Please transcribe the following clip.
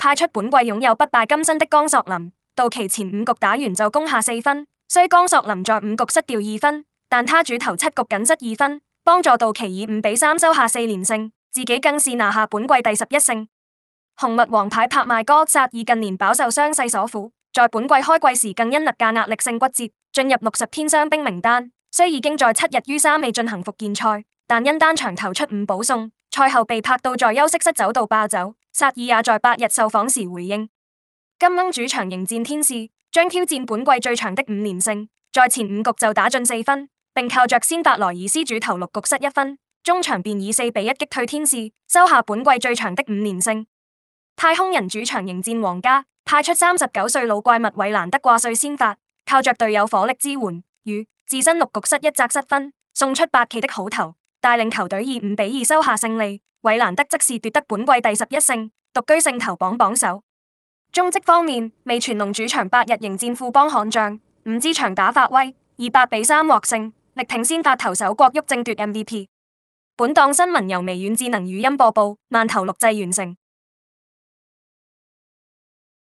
派出本季擁有不敗金身的江索林，道奇前五局打完就攻下四分。雖江索林在五局失掉二分，但他主投七局僅失二分，幫助道奇以五比三收下四連勝，自己更是拿下本季第十一勝。紅襪王牌拍賣哥扎爾近年飽受傷勢所苦，在本季開季時更因肋架壓力性骨折，進入六十天傷兵名單。雖已經在七日於三未進行復健賽，但因單場投出五保送。賽後被拍到在休息室走道暴走，薩爾也在八日受訪時回應：金鶯主場迎戰天使，將挑戰本季最長的五連勝，在前五局就打進四分，並靠着先發萊爾斯主投六局失一分，終場便以四比一擊退天使，收下本季最長的五連勝。太空人主場迎戰皇家，派出三十九歲老怪物韋蘭德掛帥先發，靠着隊友火力支援與自身六局失一責失分，送出八期的好投。帶領球隊以五比二收下勝利，韋蘭德則是奪得本季第十一勝，獨居勝投榜榜首。中職方面，味全龍主場八日迎戰富邦悍將，五支長打發威，以八比三獲勝，力挺先發投手郭旭正奪 MVP。本檔新聞由微軟智能語音播報，慢投錄製完成。